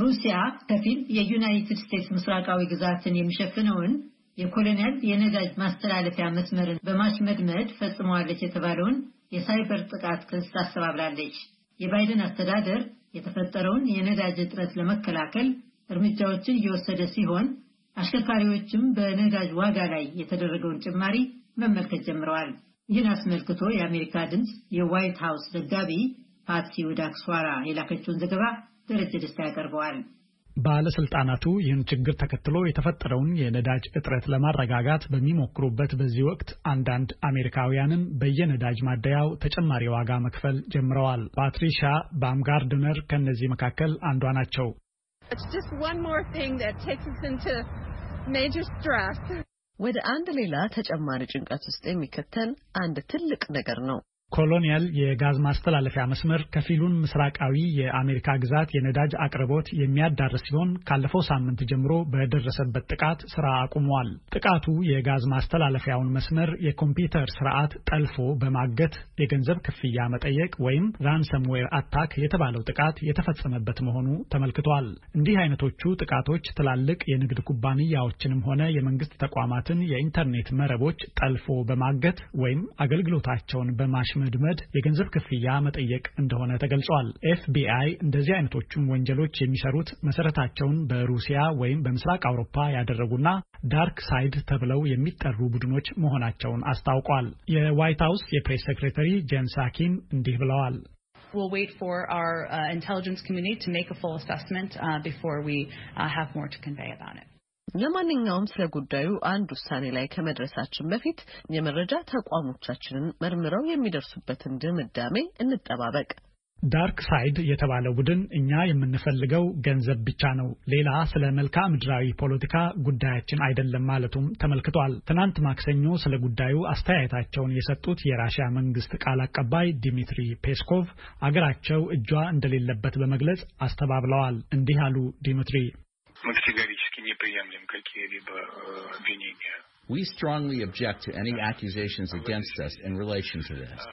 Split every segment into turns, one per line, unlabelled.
ሩሲያ ከፊል የዩናይትድ ስቴትስ ምስራቃዊ ግዛትን የሚሸፍነውን የኮሎኔል የነዳጅ ማስተላለፊያ መስመርን በማሽመድመድ ፈጽመዋለች የተባለውን የሳይበር ጥቃት ክስ አስተባብላለች። የባይደን አስተዳደር የተፈጠረውን የነዳጅ እጥረት ለመከላከል እርምጃዎችን እየወሰደ ሲሆን አሽከርካሪዎችም በነዳጅ ዋጋ ላይ የተደረገውን ጭማሪ መመልከት ጀምረዋል። ይህን አስመልክቶ የአሜሪካ ድምፅ የዋይት ሀውስ ዘጋቢ ፓትሲ ወደ የላከችውን ዘገባ ደረጀ ደስታ
ያቀርበዋል። ባለስልጣናቱ ይህን ችግር ተከትሎ የተፈጠረውን የነዳጅ እጥረት ለማረጋጋት በሚሞክሩበት በዚህ ወቅት አንዳንድ አሜሪካውያንም በየነዳጅ ማደያው ተጨማሪ ዋጋ መክፈል ጀምረዋል። ፓትሪሻ ባምጋርድነር ከእነዚህ መካከል አንዷ ናቸው።
ወደ አንድ ሌላ ተጨማሪ ጭንቀት ውስጥ የሚከተን አንድ ትልቅ ነገር ነው።
ኮሎኒያል የጋዝ ማስተላለፊያ መስመር ከፊሉን ምስራቃዊ የአሜሪካ ግዛት የነዳጅ አቅርቦት የሚያዳርስ ሲሆን ካለፈው ሳምንት ጀምሮ በደረሰበት ጥቃት ስራ አቁመዋል። ጥቃቱ የጋዝ ማስተላለፊያውን መስመር የኮምፒውተር ስርዓት ጠልፎ በማገት የገንዘብ ክፍያ መጠየቅ ወይም ራንሰምዌር አታክ የተባለው ጥቃት የተፈጸመበት መሆኑ ተመልክቷል። እንዲህ አይነቶቹ ጥቃቶች ትላልቅ የንግድ ኩባንያዎችንም ሆነ የመንግስት ተቋማትን የኢንተርኔት መረቦች ጠልፎ በማገት ወይም አገልግሎታቸውን በማሽ መድመድ የገንዘብ ክፍያ መጠየቅ እንደሆነ ተገልጿል። ኤፍቢአይ እንደዚህ አይነቶቹን ወንጀሎች የሚሰሩት መሰረታቸውን በሩሲያ ወይም በምስራቅ አውሮፓ ያደረጉና ዳርክ ሳይድ ተብለው የሚጠሩ ቡድኖች መሆናቸውን አስታውቋል። የዋይት ሀውስ የፕሬስ ሴክሬታሪ ጄን ሳኪን እንዲህ ብለዋል።
We'll wait for our uh, intelligence community to make a full assessment uh, before we uh, have more to convey about it. ለማንኛውም ስለ ጉዳዩ አንድ ውሳኔ ላይ ከመድረሳችን በፊት የመረጃ ተቋሞቻችንን መርምረው የሚደርሱበትን ድምዳሜ እንጠባበቅ።
ዳርክ ሳይድ የተባለው ቡድን እኛ የምንፈልገው ገንዘብ ብቻ ነው፣ ሌላ ስለ መልክዓ ምድራዊ ፖለቲካ ጉዳያችን አይደለም ማለቱም ተመልክቷል። ትናንት ማክሰኞ ስለ ጉዳዩ አስተያየታቸውን የሰጡት የራሽያ መንግስት ቃል አቀባይ ዲሚትሪ ፔስኮቭ አገራቸው እጇ እንደሌለበት በመግለጽ አስተባብለዋል። እንዲህ አሉ ዲሚትሪ Э,
we strongly object to any accusations against us in relation to this.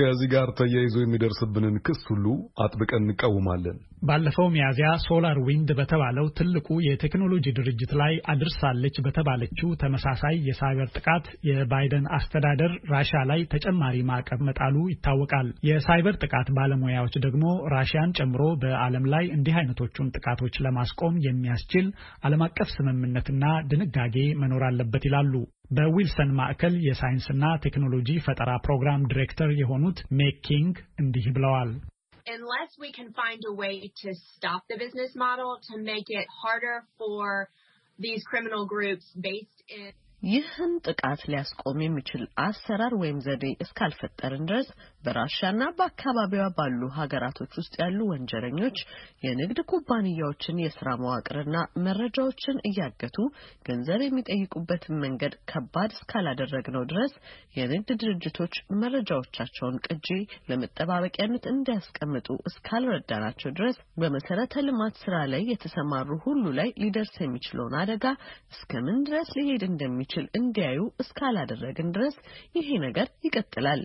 ከዚህ ጋር ተያይዞ የሚደርስብንን ክስ ሁሉ አጥብቀን እንቃወማለን። ባለፈው ሚያዝያ ሶላር ዊንድ በተባለው ትልቁ የቴክኖሎጂ ድርጅት ላይ አድርሳለች በተባለችው ተመሳሳይ የሳይበር ጥቃት የባይደን አስተዳደር ራሽያ ላይ ተጨማሪ ማዕቀብ መጣሉ ይታወቃል። የሳይበር ጥቃት ባለሙያዎች ደግሞ ራሽያን ጨምሮ በዓለም ላይ እንዲህ አይነቶቹን ጥቃቶች ለማስቆም የሚያስችል ዓለም አቀፍ ስምምነትና ድንጋጌ መኖር አለበት ይላሉ። በዊልሰን ማዕከል የሳይንስና ቴክኖሎጂ ፈጠራ ፕሮግራም ዲሬክተር የሆኑት ሜክ ኪንግ እንዲህ ብለዋል። Unless we can find a way to stop the business model to make it harder for these criminal groups based in
ይህን ጥቃት ሊያስቆም የሚችል አሰራር ወይም ዘዴ እስካልፈጠርን ድረስ በራሻና በአካባቢዋ ባሉ ሀገራቶች ውስጥ ያሉ ወንጀለኞች የንግድ ኩባንያዎችን የስራ መዋቅርና መረጃዎችን እያገቱ ገንዘብ የሚጠይቁበትን መንገድ ከባድ እስካላደረግነው ድረስ የንግድ ድርጅቶች መረጃዎቻቸውን ቅጂ ለመጠባበቂያነት እንዲያስቀምጡ እስካልረዳናቸው ድረስ በመሰረተ ልማት ስራ ላይ የተሰማሩ ሁሉ ላይ ሊደርስ የሚችለውን አደጋ እስከምን ድረስ ሊሄድ እንደሚችል እንደሚችል እንዲያዩ እስካላደረግን ድረስ ይሄ ነገር ይቀጥላል።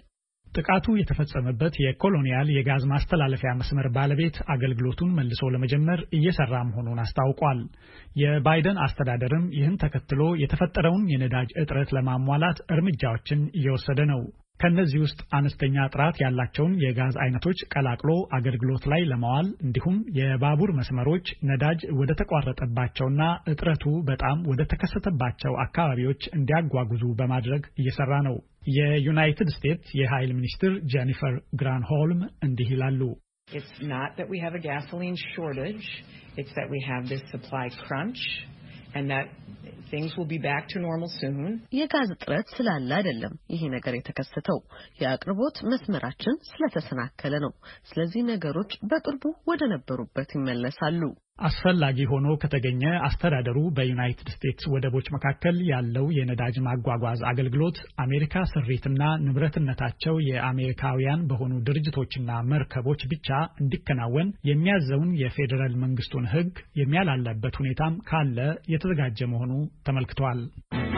ጥቃቱ የተፈጸመበት የኮሎኒያል የጋዝ ማስተላለፊያ መስመር ባለቤት አገልግሎቱን መልሶ ለመጀመር እየሰራ መሆኑን አስታውቋል። የባይደን አስተዳደርም ይህን ተከትሎ የተፈጠረውን የነዳጅ እጥረት ለማሟላት እርምጃዎችን እየወሰደ ነው። ከእነዚህ ውስጥ አነስተኛ ጥራት ያላቸውን የጋዝ አይነቶች ቀላቅሎ አገልግሎት ላይ ለማዋል እንዲሁም የባቡር መስመሮች ነዳጅ ወደ ተቋረጠባቸውና እጥረቱ በጣም ወደ ተከሰተባቸው አካባቢዎች እንዲያጓጉዙ በማድረግ እየሰራ ነው። የዩናይትድ ስቴትስ የኃይል ሚኒስትር ጄኒፈር ግራንሆልም እንዲህ ይላሉ።
It's የጋዝ እጥረት ስላለ አይደለም ይሄ ነገር የተከሰተው፣ የአቅርቦት መስመራችን ስለተሰናከለ ነው። ስለዚህ ነገሮች በቅርቡ ወደ ነበሩበት ይመለሳሉ።
አስፈላጊ ሆኖ ከተገኘ አስተዳደሩ በዩናይትድ ስቴትስ ወደቦች መካከል ያለው የነዳጅ ማጓጓዝ አገልግሎት አሜሪካ ስሪትና ንብረትነታቸው የአሜሪካውያን በሆኑ ድርጅቶችና መርከቦች ብቻ እንዲከናወን የሚያዘውን የፌዴራል መንግስቱን ሕግ የሚያላላበት ሁኔታም ካለ የተዘጋጀ መሆኑ ተመልክቷል